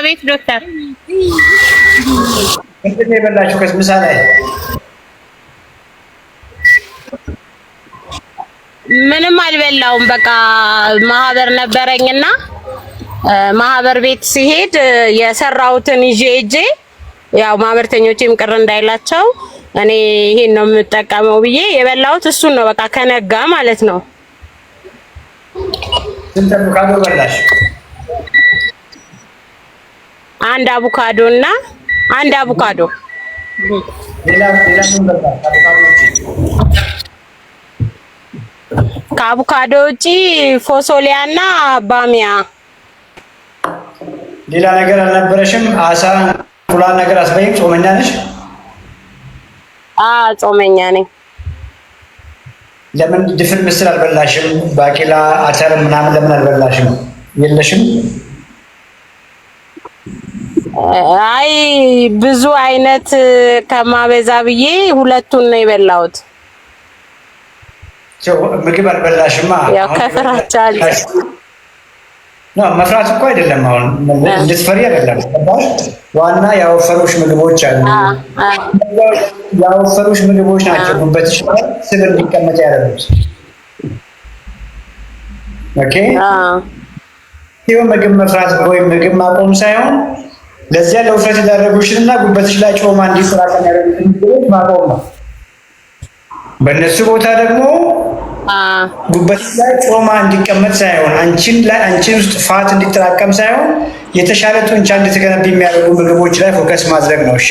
አቤት ዶክተር እንዴት ላይ ምንም አልበላውም። በቃ ማህበር ነበረኝና ማህበር ቤት ሲሄድ የሰራሁትን ይዤ እጄ ያው ማህበርተኞቼም ቅር እንዳይላቸው እኔ ይሄን ነው የምጠቀመው ብዬ የበላሁት እሱን ነው። በቃ ከነጋ ማለት ነው። ስንት በላሽ? አንድ አቮካዶ እና አንድ አቮካዶ ከአቮካዶ ውጪ ፎሶሊያ እና ባሚያ ሌላ ነገር አልነበረሽም? አሳ እንቁላል ነገር አስበይም። ጾመኛ ነሽ? አዎ ጾመኛ ነኝ። ለምን ድፍን ምስል አልበላሽም? ባቄላ፣ አተር ምናምን ለምን አልበላሽም? የለሽም? አይ ብዙ አይነት ከማበዛ ብዬ ሁለቱን ነው የበላሁት። ምግብ አልበላሽማ። ያው ከፍራቻ መፍራት እኮ አይደለም፣ አሁን እንድትፈሪ አይደለም። ዋና ያወፈሩሽ ምግቦች አሉ። ያወፈሩሽ ምግቦች ናቸው ጉበትሽ ስብ እንዲቀመጥ ያደረጉት። ኦኬ ይህ ምግብ መፍራት ወይም ምግብ ማቆም ሳይሆን ለዚያ ለውፍረት የዳረጉሽንና ጉበትሽ ላይ ጮማ እንዲሰራ ከሚያደርጉትን ማቆም ነው። በእነሱ ቦታ ደግሞ ጉበትሽ ላይ ጮማ እንዲቀመጥ ሳይሆን አንቺን ላይ አንቺን ውስጥ ፋት እንዲጠራቀም ሳይሆን የተሻለ ጡንቻ እንድትገነብ የሚያደርጉ ምግቦች ላይ ፎከስ ማድረግ ነው። እሺ።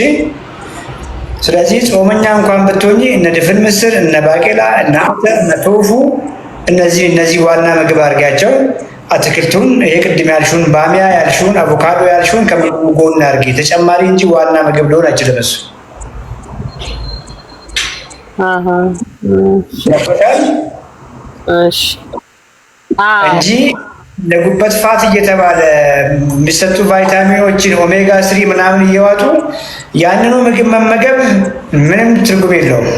ስለዚህ ጾመኛ እንኳን ብትሆኚ እነ ድፍን ምስር፣ እነ ባቄላ፣ እነ አተር፣ እነ ቶፉ እነዚህ እነዚህ ዋና ምግብ አድርጋቸው። አትክልቱን ይሄ ቅድም ያልሽውን ባሚያ ያልሽውን አቮካዶ ያልሽውን ከምግቡ ጎን አድርጊ፣ ተጨማሪ እንጂ ዋና ምግብ ሊሆን አይችልም እሱ። እንጂ ለጉበት ፋት እየተባለ የሚሰጡ ቫይታሚኖችን ኦሜጋ ስሪ ምናምን እየዋጡ ያንኑ ምግብ መመገብ ምንም ትርጉም የለውም።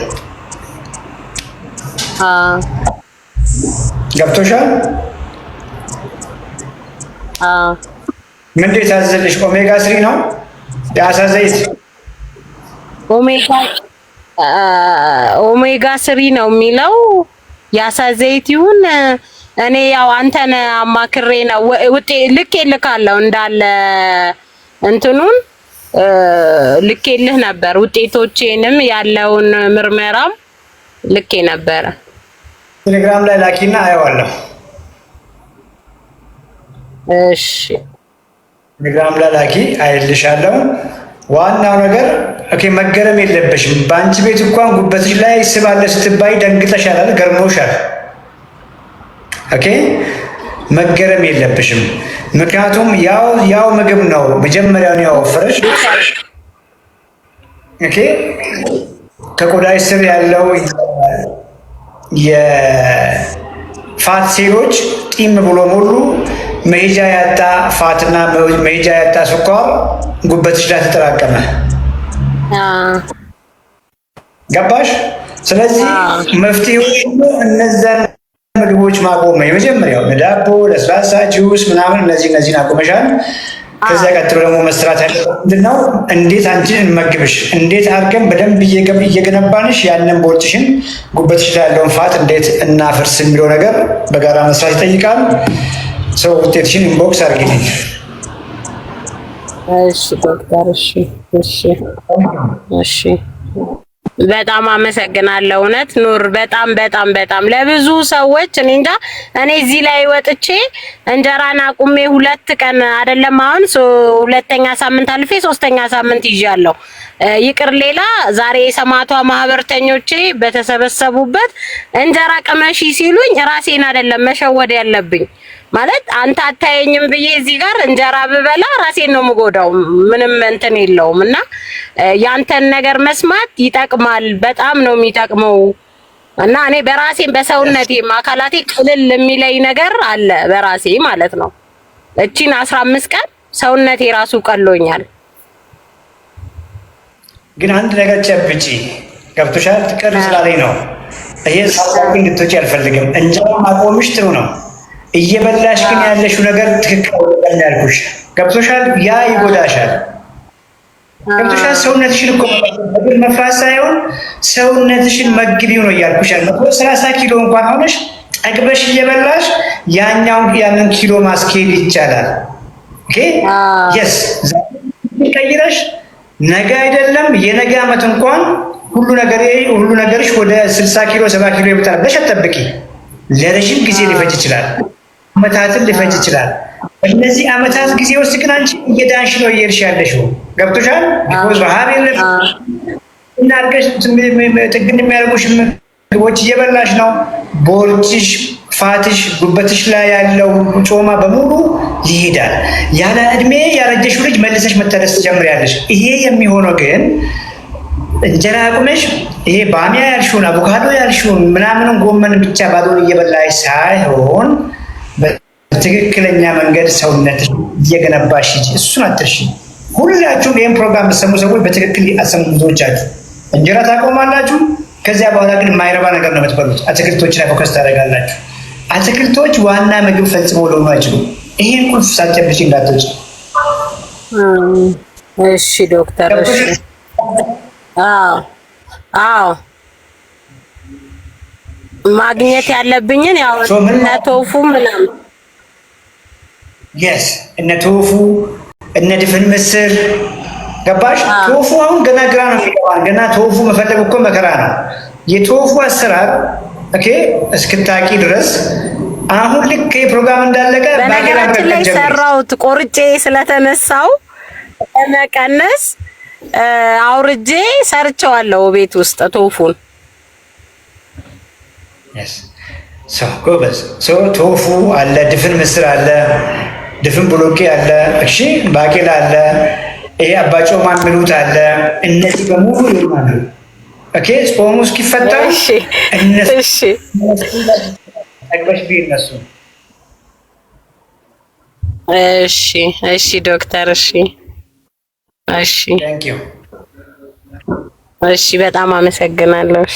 ገብቶሻል? ምንድን ነው የታዘዘልሽ? ኦሜጋ ስሪ ነው የአሳ ዘይት ኦሜጋ ስሪ ነው የሚለው የአሳ ዘይት ይሁን። እኔ ያው አንተን አማክሬ ነው ውጤ ልኬ ልካለሁ እንዳለ እንትኑን ልኬልህ ነበር። ውጤቶቼንም ያለውን ምርመራም ልኬ ነበረ። ቴሌግራም ላይ ላኪና አየዋለሁ። እሺ ቴሌግራም ላይ አይልሻለሁ። ዋናው ነገር ኦኬ፣ መገረም የለበሽም። በአንቺ ቤት እንኳን ጉበትሽ ላይ ስብ አለ ስትባይ ደንግጠሻል፣ ገርሞሻል። ኦኬ፣ መገረም የለብሽም። ምክንያቱም ያው ያው ምግብ ነው መጀመሪያውን ያወፈረሽ። ኦኬ፣ ከቆዳሽ ስር ያለው የፋት ሴሎች ጢም ብሎ ሙሉ መሄጃ ያጣ ፋትና መሄጃ ያጣ ስኳር ጉበትሽ ላይ ተጠራቀመ። ገባሽ? ስለዚህ መፍትሄው እነዛን ምግቦች ማቆመ የመጀመሪያው ለዳቦ፣ ለስላሳ፣ ጁስ ምናምን እነዚህ እነዚህን አቆመሻል። ከዚያ ቀጥሎ ደግሞ መስራት ያለ ምንድነው? እንዴት አንቺን እንመግብሽ፣ እንዴት አድርገን በደንብ እየገነባንሽ ያንን ቦርጭሽን፣ ጉበትሽ ላይ ያለውን ፋት እንዴት እናፍርስ የሚለው ነገር በጋራ መስራት ይጠይቃል። ሰው ውጤትሽን ኢንቦክስ አድርጊልኝ። እሺ ዶክተር፣ እሺ እሺ እሺ። በጣም አመሰግናለሁ። እውነት ኑር። በጣም በጣም በጣም ለብዙ ሰዎች እኔ እንጃ እኔ እዚህ ላይ ወጥቼ እንጀራን አቁሜ ሁለት ቀን አይደለም አሁን ሁለተኛ ሳምንት አልፌ ሶስተኛ ሳምንት ይዣለሁ። ይቅር ሌላ ዛሬ የሰማዕቷ ማህበርተኞቼ በተሰበሰቡበት እንጀራ ቅመሺ ሲሉኝ ራሴን አይደለም መሸወድ ያለብኝ ማለት አንተ አታየኝም ብዬ እዚህ ጋር እንጀራ ብበላ ራሴን ነው የምጎዳው። ምንም እንትን የለውም እና ያንተን ነገር መስማት ይጠቅማል። በጣም ነው የሚጠቅመው። እና እኔ በራሴን በሰውነቴም አካላቴ ቅልል የሚለይ ነገር አለ በራሴ ማለት ነው። እቺን አስራ አምስት ቀን ሰውነቴ ራሱ ቀሎኛል። ግን አንድ ነገር ጨብጪ ገብቶሻል። ቅር ስላለኝ ነው ይሄ ሳሳቢ እንድትወጪ አልፈልግም። እንጀራ ማቆምሽ ጥሩ ነው እየበላሽ ግን ያለሽው ነገር ትክክል ያልኩሽ ገብቶሻል። ያ ይጎዳሻል። ገብቶሻል። ሰውነትሽን እኮ ምግብ መፍራት ሳይሆን ሰውነትሽን መግቢው ነው እያልኩሻል። ሰላሳ ኪሎ እንኳን ሆነሽ ጠግበሽ እየበላሽ ያኛው ያንን ኪሎ ማስኬድ ይቻላል። ኦኬ ቀይረሽ ነገ አይደለም የነገ ዓመት እንኳን ሁሉ ነገር ሁሉ ነገርሽ ወደ ስልሳ ኪሎ ሰባ ኪሎ ይመጣል በሸጠብቂ አትጠብቂ። ጊዜ ሊፈጅ ይችላል። አመታትን ሊፈጅ ይችላል። እነዚህ አመታት ጊዜ ውስጥ ግን አንቺ እየዳንሽ ነው እየሄድሽ ያለሽው ገብቶሻል። ቢኮዝ ረሃብ የለሽ እናርገሽ ጥግን የሚያደርጉሽ ምግቦች እየበላሽ ነው። ቦርጭሽ፣ ፋትሽ፣ ጉበትሽ ላይ ያለው ጮማ በሙሉ ይሄዳል። ያለ እድሜ ያረጀሽው ልጅ መልሰሽ መተነስ ትጀምሪያለሽ። ይሄ የሚሆነው ግን እንጀራ አቁመሽ ይሄ ባሚያ ያልሽውን አቮካዶ ያልሽውን ምናምንም ጎመን ብቻ ባዶን እየበላሽ ሳይሆን በትክክለኛ መንገድ ሰውነት እየገነባሽ ሂጂ። እሱን አትርሽ። ሁላችሁም ይህን ፕሮግራም የምትሰሙ ሰዎች በትክክል አሰሙ። ብዙዎቻችሁ እንጀራ ታቆማላችሁ። ከዚያ በኋላ ግን የማይረባ ነገር ነው የምትበሉት። አትክልቶች ላይ ፎከስ ታደርጋላችሁ። አትክልቶች ዋና ምግብ ፈጽሞ ለሆኑ አይችሉም። ይሄን ቁልፍ ሳጨብሽ እንዳትወጪ። እሺ ዶክተር። እሺ አዎ አዎ ማግኘት ያለብኝን ያው እነ ቶፉ ምናምን የስ እነ ቶፉ እነ ድፍን ምስር ገባሽ? ቶፉ አሁን ገና ግራ ነው የሚገባን። ገና ቶፉ መፈለግ እኮ መከራ ነው። የቶፉ አሰራር ኦኬ እስክታቂ ድረስ አሁን ልክ ፕሮግራም እንዳለቀ በነገራችን ላይ ሰራሁት ቆርጬ ስለተነሳው ለመቀነስ አውርጄ ሰርቸዋለሁ ቤት ውስጥ ቶፉን ጎበዝ ቶፉ አለ፣ ድፍን ምስር አለ፣ ድፍን ብሎቄ አለ፣ እሺ ባቄላ አለ፣ ይሄ አባጮማ የሚሉት አለ። እነዚህ በሙሉ ይሆናሉ። ኦኬ ጾሙ እስኪፈታ እነሱ ጠቅበሽ እነሱ እሺ፣ እሺ ዶክተር፣ እሺ፣ እሺ፣ እሺ፣ በጣም አመሰግናለሁ።